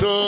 to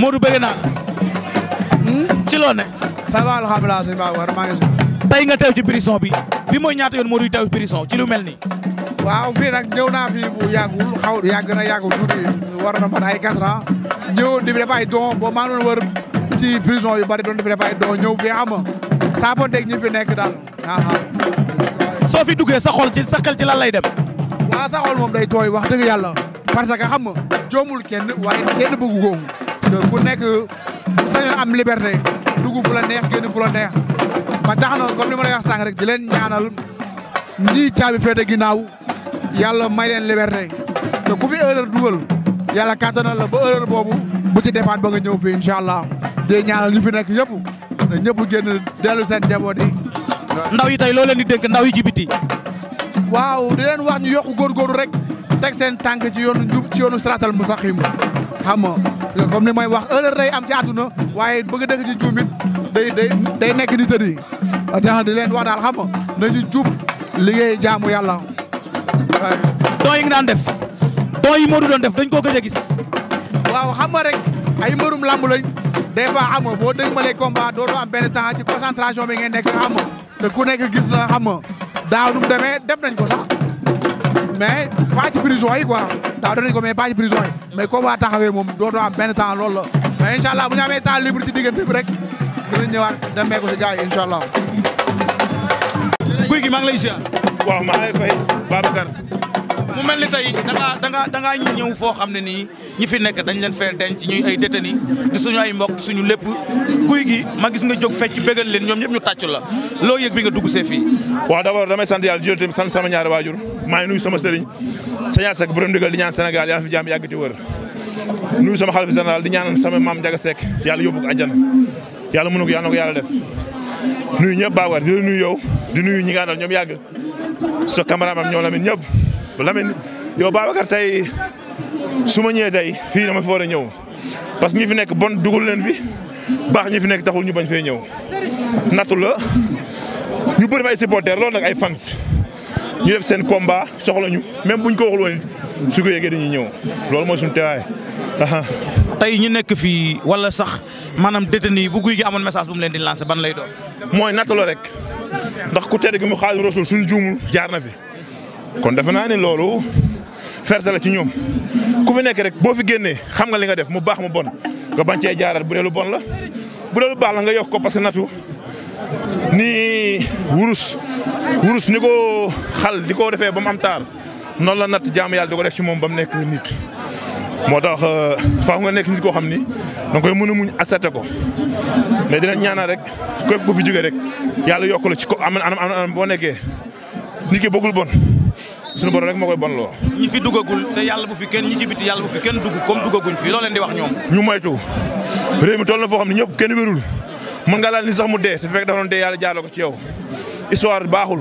Modou bëgg naa hmm? ci loo ne. ça va alhamdulilah sëñ Ba war maa ngi nga teew ci prison bi bi mooy ñaata yoon Modou teew ci prison ci lu mel ni waaw fii nag ñëw naa fii bu yàggul xaw yàgg na yàggul tuuti war na mën ay 4 ans ñëw di def ay don boo maa doon ci prison yu bari doon di def ay don ñëw fii xam nga saafonteeg ñi fi nekk daal soo fi duggee sa xol ci sa xel ci lan lay dem. waaw sa xol moom day tooy wax dëgg yàlla parce que xam nga joomul kenn waaye ku nekk sañoon am liberté dugub fu la neex génn fu la neex ba tax na comme li ma lay sànq rek di leen ñaanal ñii caabi féete ginnaaw yàlla may leen liberté te ku fi erreur dugal yàlla kàttanal la ba erreur boobu bu ci defaat ba nga ñëw fii incha allah dee ñaanal ñu fi nekk yëpp na ñëpp génn dellu seen njaboot yi. ndaw yi tey loo leen di dénk ndaw yi jibiti waaw di leen wax ñu yokk góor rek teg seen tànk ci yoonu njub ci yoonu mu mustaqim xam nga comme ni may wax erreur am ci àdduna waaye bëgg dëgg ci juum it day day day nekk ni tëddi tax di leen daal xam nga nañu jub liggéey jaamu yàlla don yi nga daan def don yi Modou doon def dañ ko gëj gis waaw xam nga rek ay mbërum làmb lañ des fois xam nga boo dëgg ma lay combat doo am benn temps ci concentration bi ngeen nekk xam nga nekk gis na xam nga daaw nu mu demee def nañ ko sa mais pas ci prison yi quoi daaw def nañ ko mais pas ci mais combat taxawee moom dootoo am benn temps loolu la mais incha allah bu ñu amee temps libre ci diggante bi rek dinañ ñëwaat demee ko si jaay incha allah. gi maa ngi lay ziar. waaw maa ngi lay mel ni tey da ngaa da ñëw foo xam ne nii ñi fi nekk dañ leen fee denc ñi ay ni di suñu ay mbokk suñu lépp guy gi ma gis nga jóg fecc bégal leen ñoom ñëpp ñu tàccu la loo yëg bi nga dugg see fii. waaw d' abord damay sant yàlla sant sama ñaari waajur maa ngi nuyu sama sëriñ Sagnal Seck borom ndigal di ñaan Sénégal yàlla fi jàmm yàgg te wër nuyu sama xalifa général di ñaan sama maam Ndiaga Seck yàlla yóbbu ko àjjana yàlla mënu ko yàlla na nuyu ñëpp Babacar di nuyu yow di nuyu ñi ñoom yàgg sa cameraman ñoom Lamine ñëpp Lamine yow Babacar tey su ma ñëwee tey fii dama fi war a ñëw parce que ñi fi nekk bon dugul leen fi baax ñi fi nekk taxul ñu bañ fee ñëw nattu la ñu bëri ay supporters loolu nag ay fans ñu def seen combat soxla ñu même buñ ko waxul woon su ko yëgee ñu ñëw loolu mooy suñu teewaay. tey ñu nekk fii wala sax maanaam détenu yi bu guy gi amoon message bu mu leen di lancer ban lay doon. mooy nattaloo rek ndax ku tedd gi mu xaaju rasul suñu juumu jaar na fi kon defe naa ne loolu ferte la ci ñoom ku fi nekk rek boo fi génnee xam nga li nga def mu baax mu bon nga bañ cee jaaral bu delu lu bon la bu dee baax la nga yokk ko parce que natu ni wurus. wurus ni ko xal di ko defee ba mu am taar noonu la natt jaamu yàlla di ko def ci moom ba mu nekk nit. moo tax euh, faaw nga nekk nit koo xam ni danga koy mën a muñ accepté ko mais dina ñaanal rek képp ku fi jógee rek yàlla yokk la ci ko am anam boo nekkee nit ki bëggul bon suñu borom rek moo koy bon loo. ñi fi duggagul te yàlla bu fi kenn ñi ci biti yàlla bu fi kenn dugg comme duggaguñ fi loo di wax ñoom. ñu moytu réew mi toll na foo xam ne ñëpp kenn wérul mën nga laal ni sax mu dee te fekk dafa doon yàlla jaarale ko ci yow histoire baaxul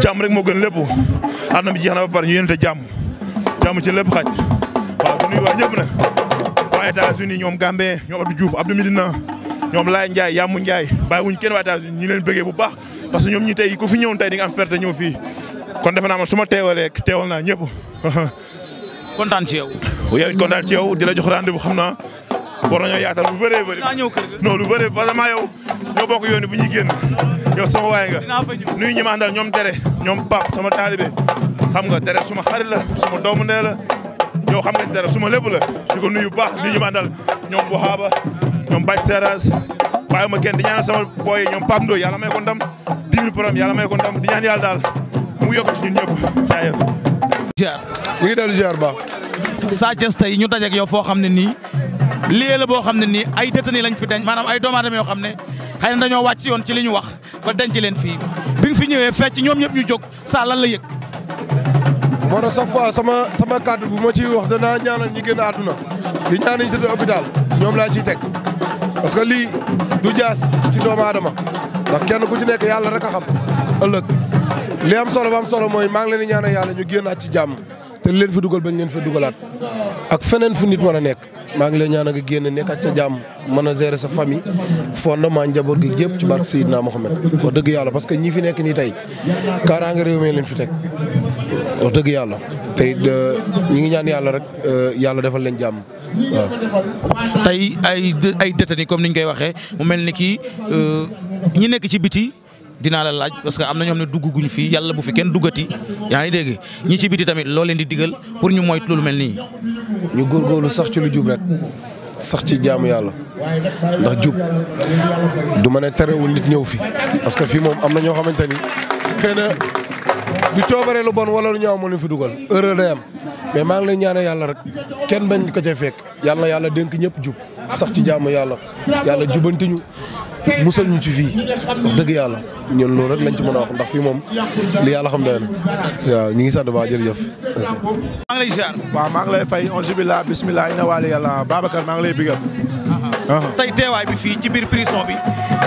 jàmm rek moo gën lépp àdduna bi jeex na ba pare ñu yénte jàmm jàmm ci lépp xaj waaw du nuyu waa ñëpp nag waa États-Unis ñoom Gambé ñoom Abdou Diouf Abdou Medina ñoom Laye Ndiaye Yamou Ndiaye bàyyi wuñ kenn waa États-Unis ñi bëggee bu baax parce que ñoom ñi tey ku fi ñëwoon tey di nga am fierté ñëw fii kon defe naa man su ma teewalee teewal naa ñëpp kontaan ci yow yow it kontaan ci yow di la jox rendez-vous xam na war nañoo yaatal bu bëree bëri non lu bëree parce que bu ñuy génn yow sama waay nga nuyu ñi ma àndal ñoom Dere ñoom Pape sama taalibe xam nga Dere suma xarit la suma doomu ndey la yow xam nga ci Dere suma lépp la di ko nuyu baax nuyu ñi ma àndal ñoom Bohaba ñoom Baye Seras ma kenn di ñaanal sama ñoom Pape Ndoye yàlla may ko ndam dibir problème yàlla may ko di ñaan yàlla daal mu yokk ci ñun ñëpp jaayee. ziar ñu ngi dellu baax. Sa Thiès tey ñu dajeeg yow foo xam ne nii lii la boo xam ne nii ay détenus lañ fi dañ maanaam ay doomu aadama yoo xam ne xëy na dañoo yoon ci li ñu wax ba denc leen fii bi fi ñëwee fecc ñoom ñëpp ñu jóg saa lan la yëg. moo tax chaque fois sama sama kàddu bu moo ciy wax danaa ñaanal ñi génn àdduna di ñaan ñi tëdd hôpital ñoom laa ciy teg parce que lii du jaas ci doomu aadama ndax kenn ku ci nekk yàlla rek a xam ëllëg li am solo ba am solo mooy maa ngi leen di ñaanal yàlla ñu génnaat ci jàmm te leen fi dugal bañ leen fi dugalaat ak feneen fu nit war a nekk. maa ngi lay ñaan a nga génn nekkat ca jàmm mën a gérer sa famille fondement njaboot gi yëpp ci barke Seydina Mohamed wax dëgg yàlla parce que ñi fi nekk nii tey kaaraange réew mi leen fi teg wax dëgg yàlla tey euh, ñi ngi ñaan yàlla rek euh, yàlla defal leen jàmm waaw. ay ay détenus comme niñ koy waxee mu mel ni kii euh, ñi nekk ci biti. dinaa la laaj parce que am na ñoom ne dugg guñ fii yàlla bu fi kenn duggati yaa ngi dégg ñi ci biti tamit loo leen di digal pour ñu moytu lu nii. ñu góorgóorlu sax ci lu jub rek sax ci jaamu yàlla ndax jub du ma ne terewul nit ñëw fi parce que fii moom am na ñoo xamante ni xëy na du coobaree lu bon wala lu ñaaw moo leen fu dugal heure day am mais maa ngi lay ñaanal yàlla rek kenn bañ ko cay fekk yàlla yàlla dénk ñëpp jub sax ci jaamu yàlla yàlla jubanti musal ñu ci fii wax dëgg yàlla ñun loolu rek lañ ci mën a wax ndax fii moom li yàlla xam doy na waaw ñu ngi sant ba jërëjëf. maa ngi lay ziar. waaw maa ngi lay fay on jubilaa bisimilah ina waali yàlla Babacar maa ngi lay bigal. Uh-huh. Uh-huh. tey teewaay bi fii ci biir prison bi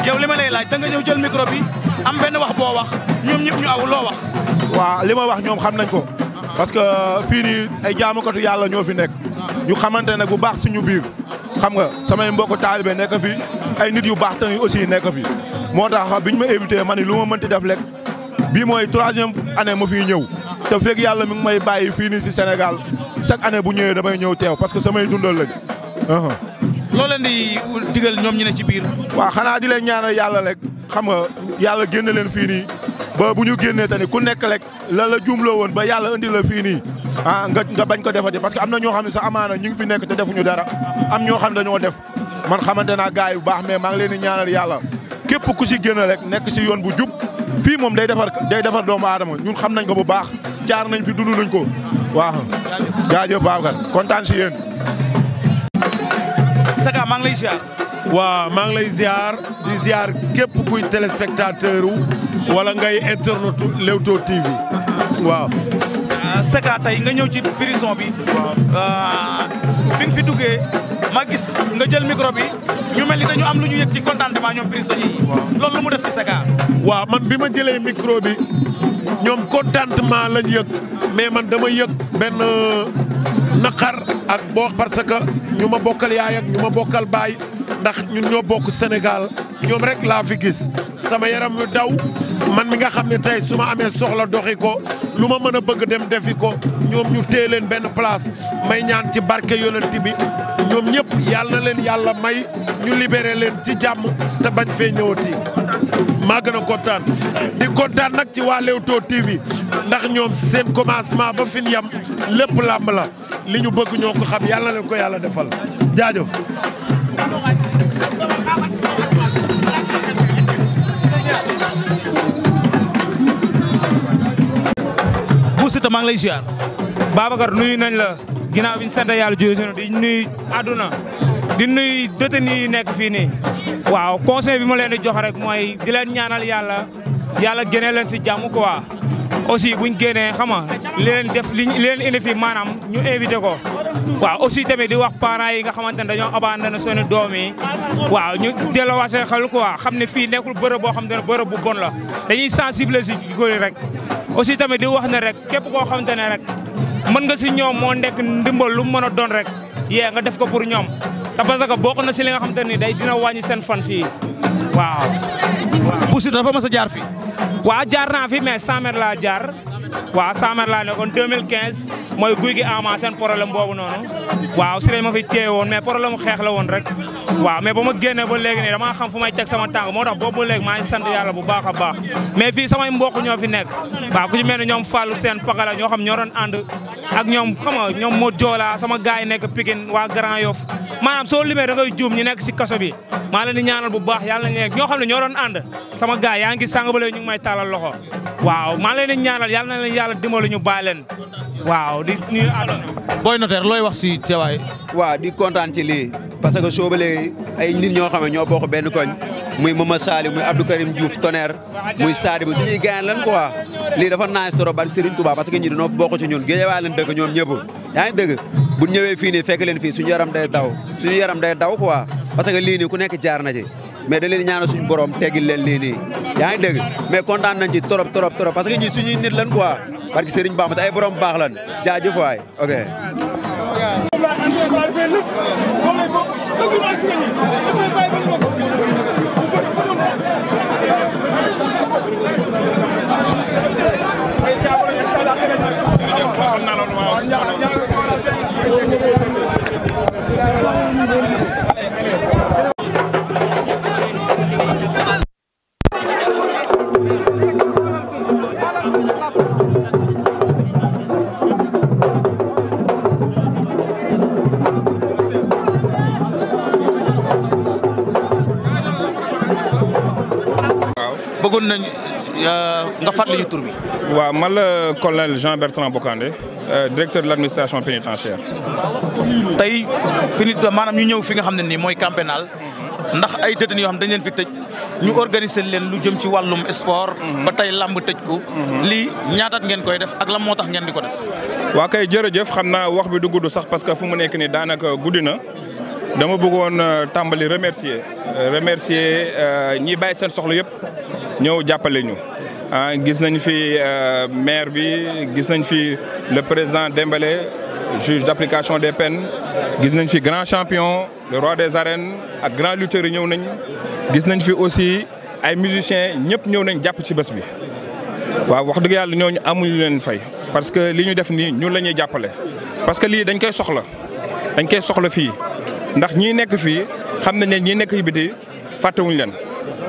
yow li ma lay laaj da nga jël micro am benn wax boo wax ñoom ñëpp ñu aw wax. waaw li ma wax ñoom xam nañ ko. Uh-huh. parce que uh, fii nii ay jaamukatu yàlla ñoo fi nekk. ñu xamante ne bu baax ñu biir. xam nga samay mbokk taalibe nekk ay nit yu baax tamit aussi nekk fi moo tax bi ñu ma invité ma ni lu ma mënti def rek bi mooy troisième année ma fiy ñëw te fekk yàlla mu ngi may bàyyi fii nii si senegal chaque année bu ñëwee damay ñëw teew parce que samay dundal lañ. Uh-huh. loo leen di digal ñoom ñu ne ci biir. waaw xanaa di leen yàlla lek xam nga yàlla génne leen fii nii ba bu ñu génnee tamit ku nekk lek la la juumloo woon ba yàlla indi la fii nii ah nga nga bañ ko defati parce que am na ñoo xam ne sax amaana ñu ngi fi nekk te defuñu dara am ñoo xam ne dañoo def. man xamante naa gars yi bu baax mais maa ngi leen di ñaanal yàlla képp ku si génn rek nekk si yoon bu jub fii moom day defar day defar doomu aadama ñun xam nañ ko bu baax jaar nañ fi dund nañ ko waaw. jaajëf Babacar kontaan si yéen. Saka maa ngi lay ziar. waaw maa ngi lay ziar di ziar képp kuy téléspectateur wala ngay internaute Leewtoo TV waaw. Saka tey nga ñëw ci prison bi. waaw ah, fi duggee. ma gis nga jël micro ñu mel ni dañu am lu ñu yëg ci contentement ñoom prisonniers yi. waaw loolu lu mu def ci sa gaar. waaw man bi ma jëlee micro bi ñoom contentement lañ yëg mais man dama yëg benn euh, naqar ak boo parce que ñu ma bokkal yaay ak ñu ma bokkal baay ndax ñu ñoo bokk Sénégal ñoom rek laa fi gis sama yaram wi daw. man mi nga xam ne tey su ma amee soxla doxi ko lu ma mën a bëgg dem defi ko ñoom ñu téye leen benn place may ñaan ci barke yonent bi ñoom ñëpp yàlla na leen yàlla may ñu libéré leen ci jàmm te bañ fee ñëwati maa gën a kontaan di kontaan nag ci waa Leewtoo TV ndax ñoom seen commencement ba fin yam lépp làmb la li ñu bëgg ñoo ko xam yàlla na leen ko yàlla defal jaajëf Siteu maa ngi lay ziar. Babacar nuyu nañ la ginnaaw bi ñu sant yàlla jërëjëf di nuyu àdduna di nuyu détenu yi nekk fii nii. waaw conseil bi ma leen di jox rek mooy di leen ñaanal yàlla yàlla génne leen si jàmm quoi. aussi buñ génnee xam nga li leen def li leen indi fii maanaam ñu invité ko. waaw aussi tamit di wax parents yi nga xamante ne dañoo abandonné seen doom waaw ñu delloowaat seen xel quoi xam ne fii nekkul bërëb boo xam ne bërëb bu bon la dañuy sensibiliser góor yi rek. aussi tamit di wax na rek képp koo xamante ne rek mën nga si ñoom moo nekk ndimbal lu mën a doon rek yee nga def ko pour ñoom te parce que bokk na si li nga xamante ni day dina wàññi seen fan fii waaw. waaw Bou Siteu dafa mës a jaar fii. waa jaar naa fi mais 100 mètres laa jaar. waaw Saamar laa nekkoon 2015 mooy guy gi ama seen problème boobu noonu waaw si lañ ma fi téye woon mais problème mu xeex la rek waaw mais ba ma génnee ba léegi nii damaa xam fu may teg sama tànk moo tax boobu ba léegi maa ngi sant bu baax a baax mais fii samay mbokk ñoo fi nekk waaw ku ci mel ne ñoom Fallou seen pakala ñoo xam ñoo doon ànd ak ñoom xam nga ñoom Modou sama gars yi nekk Pikine waa Grand Yoff maanaam soo limee da juum ñu nekk si kaso bi maa leen di ñaanal bu baax yàlla nañ ñoo xam ne ñoo doon ànd sama gars yaa ngi sàng ba ñu ngi may tàllal loxo waaw maa leen di ñaanal yàlla na leen yàlla dimbali ñu bàyyi leen waaw di nuyu àdduna. Boy Notaire looy wax si teewaay. waaw di kontaan ci lii parce que soo ba léegi ay nit ñoo xam ne ñoo bokk benn koñ muy Mama Sali muy Abdou Karim Diouf Tonnerre muy Sadibou suñuy gaañ lan quoi lii dafa naaj trop bari Serigne Touba parce que ñi dañoo bokk ci ñun géejewaay leen dëgg ñoom ñëpp yaa ngi dëgg bu ñëwee fii leen fii suñu yaram day daw suñu yaram day daw quoi parce que lii ku nekk jaar na ci mais da leen ñaanal suñu borom teggil leen lii yaa ngi dégg mais kontaan nañ ci trop trop trop parce que ñi suñuy nit lan quoi parce que Serigne Bamba te ay borom baax lan jaajëf waay ok. waaw bëggoon nañ euh, nga fat ñu tur bi. waaw man la colonel Jean Bertrand Bocandé euh, directeur de l' administration tey pénit maanaam ñu ñëw fi nga xam ne nii mooy camp pénal ndax ay détenus yoo xam dañ leen fi tëj ñu organiser leen lu jëm ci wàllum sport. Mhm. ba tey làmb tëj ko. Mhm. lii ñaataat ngeen koy def ak lan moo tax ngeen di ko def. waa kay jërëjëf xam naa wax bi du gudd sax parce que fu mu nekk nii daanaka guddi na. dama bëggoon euh, tàmbali remercier euh, remercier euh, ñi bàyyi seen soxla yëpp ñëw jàppale ñu ah gis nañ fi maire bi gis nañ fi le président Dembélé juge d'application des peines gis nañ fi grand champion le roi des arènes ak grand lutteur yi ñëw nañ gis nañ fi aussi ay musiciens ñëpp ñëw nañ jàpp ci bés bi waaw wax dëgg yàlla ñooñu amuñu leen fay parce que li ñu def nii ñun la ñuy jàppale parce que lii dañ koy soxla dañ koy soxla fii ndax ñii nekk fii xam nañ ne ñii nekk yi biti fàttewuñu leen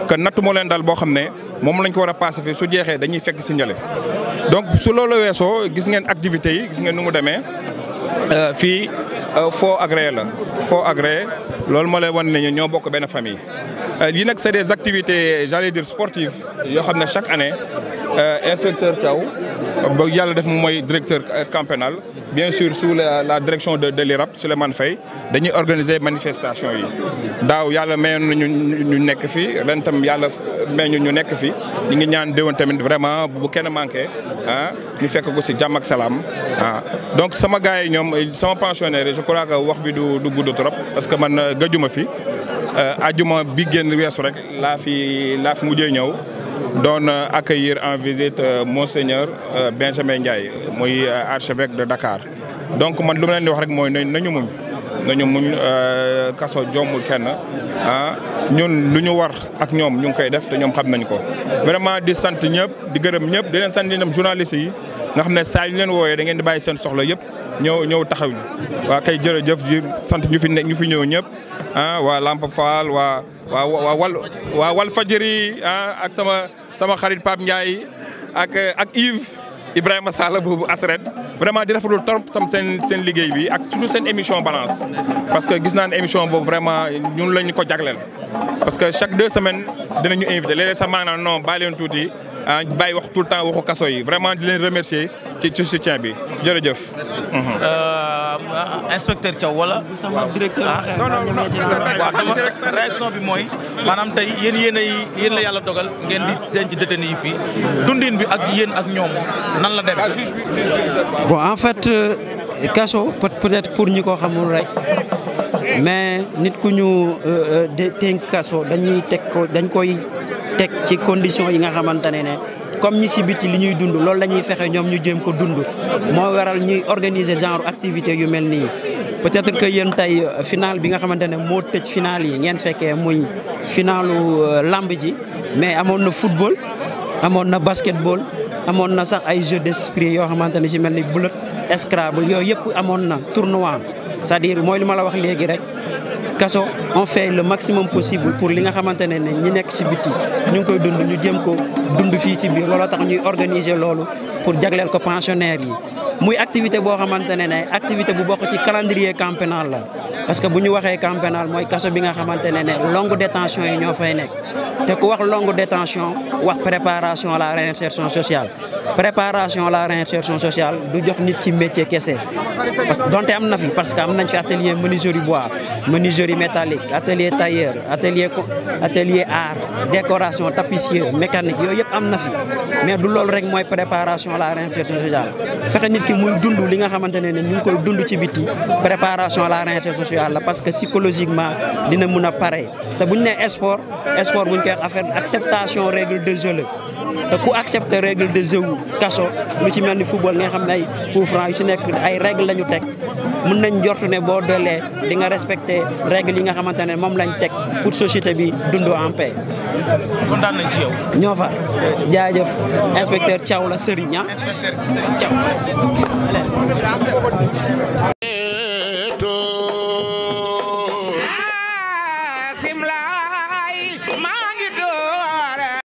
que natt moo leen dal boo xam ne moom lañ ko war a passé fi su jeexee dañuy fekk si njële. donc su loolu weesoo gis ngeen activité yi gis ngeen nu mu demee euh, fii euh, foo agréé la foo agréé loolu moo lay wan ne ñoo bokk benn famille. Euh, lii nag c'est des activités j'allais dire yoo xam ne chaque année inspecteur Thiaw ba yàlla def mu mooy directeur camp bien sûr sous la, la direction de de l'IRAP Souleymane Faye dañuy organiser manifestation yi daaw yàlla mayoon na ñu nekk fi ren yàlla may ñu ñu nekk fi ñu ngi ñaan déwén tamit vraiment bu kenn manqué ah ñu fekk ko si jàmm ak salaam ah. donc sama gars yi ñoom sama pensionnaire je crois wax bi du du gudd trop parce que man gëjuma fi euh, ajuma bi génn weesu rek laa fi laa fi mujjee ñëw. don euh, accueillir en visite euh, monseigneur euh, Benjamin Ndiaye mooy archevêque de Dakar donc man lu ma leen di wax rek mooy nañu muñ nañu muñ kaso joomul kenn ah ñun lu ñu war ak ñoom ñu ngi koy def te ñoom xam nañ ko. vraiment di sant ñëpp di gërëm ñëpp di leen sant ñoom journalistes yi nga xam ne saa yu leen wooyee da ngeen di bàyyi seen soxla yëpp. ñëw ñëw taxaw ñu waa kay jërëjëf di sant ñu fi ne ñu fi ñëw ñëpp ah waa Lamp Fall waa waa waa wal waa wal fajëri ah ak sama sama xarit Pape Ndiaye ak ak Yves Ibrahima Sall boobu asret vraiment di rafetlu trop tam seen seen liggéey bi ak surtout seen émission balance parce que gis naa ne émission boobu vraiment ñun lañu ko jagleel parce que chaque deux semaines dinañu invité léeg-léeg sax maanaam non bàyyi leen tuuti ah bàyyi wax tout le temps waxu kaso yi vraiment leen remercier ci ci soutien bi jërëjëf. Euh, inspecteur Thiaw wala. sama directeur non dama réaction bi mooy maanaam tey yéen yéen ay la yàlla dogal ngeen di denc détenu yi fii dundin bi ak yéen ak ñoom nan la demee. bon en fait euh, kaso peut-être pour ñu ko xamul rek. mais nit ku ñu euh, dénk kaso dañuy teg ko dañ koy teg ci condition yi nga xamante ne ne comme ñi si biti li ñuy dund loolu la ñuy fexe ñoom ñu jéem ko dund moo waral ñuy organiser genre activité yu mel nii peut-être que yéen tey euh, final bi nga xamante ne moo tëj final yi ngeen fekkee muy finalu euh, lamb ji mais amoon na football amoon na basketball amoon na sax ay jeu d'esprit yoo xamante ne si mel ni bullet Scrabble yooyu yëpp amoon na tournoi c'est-à-dire mooy li ma la wax léegi rek kaso on fait le maximum possible pour li nga xamante ne ne ñu nekk ci biti ñu ngi koy dund ñu jëm ko dund fii ci biir looloo tax ñuy organiser loolu pour jagleel ko pensionnaires yi muy activité boo xamante ne ne activité bu bokk ci calendrier camp la parce que bu ñu waxee camp pénal mooy kaso bi nga xamante ne ne longue détention yi ñoo fay nekk te ku wax longue détention wax préparation à la réinsertion sociale préparation à la réinsertion sociale du jox nit ci métier kese parce que donte am na fi parce que am nañ fi atelier menuiserie bois menuiserie métallique atelier tailleur atelier atelier art décoration tapissier mécanique yooyu yëpp am na fi mais du loolu rek mooy préparation à la réinsertion sociale fexe nit ki muy dund koy dund ci biti social la parce que psychologiquement dina mun a pare te bu ñu nee sport sport bu ñu koy affaire acceptation règle de jeu te ku accepté règle de jeu wu kaso lu ci mel ni football nga xam ne ay coup franc yu ci nekk ay règle la ñu teg mun nañ njortu ne boo doolee di nga respecté règle yi nga xamante ne moom lañ teg pour société bi dund en paix. kontaan nañ ñoo fa jaajëf inspecteur Thiaw la Serigne ah.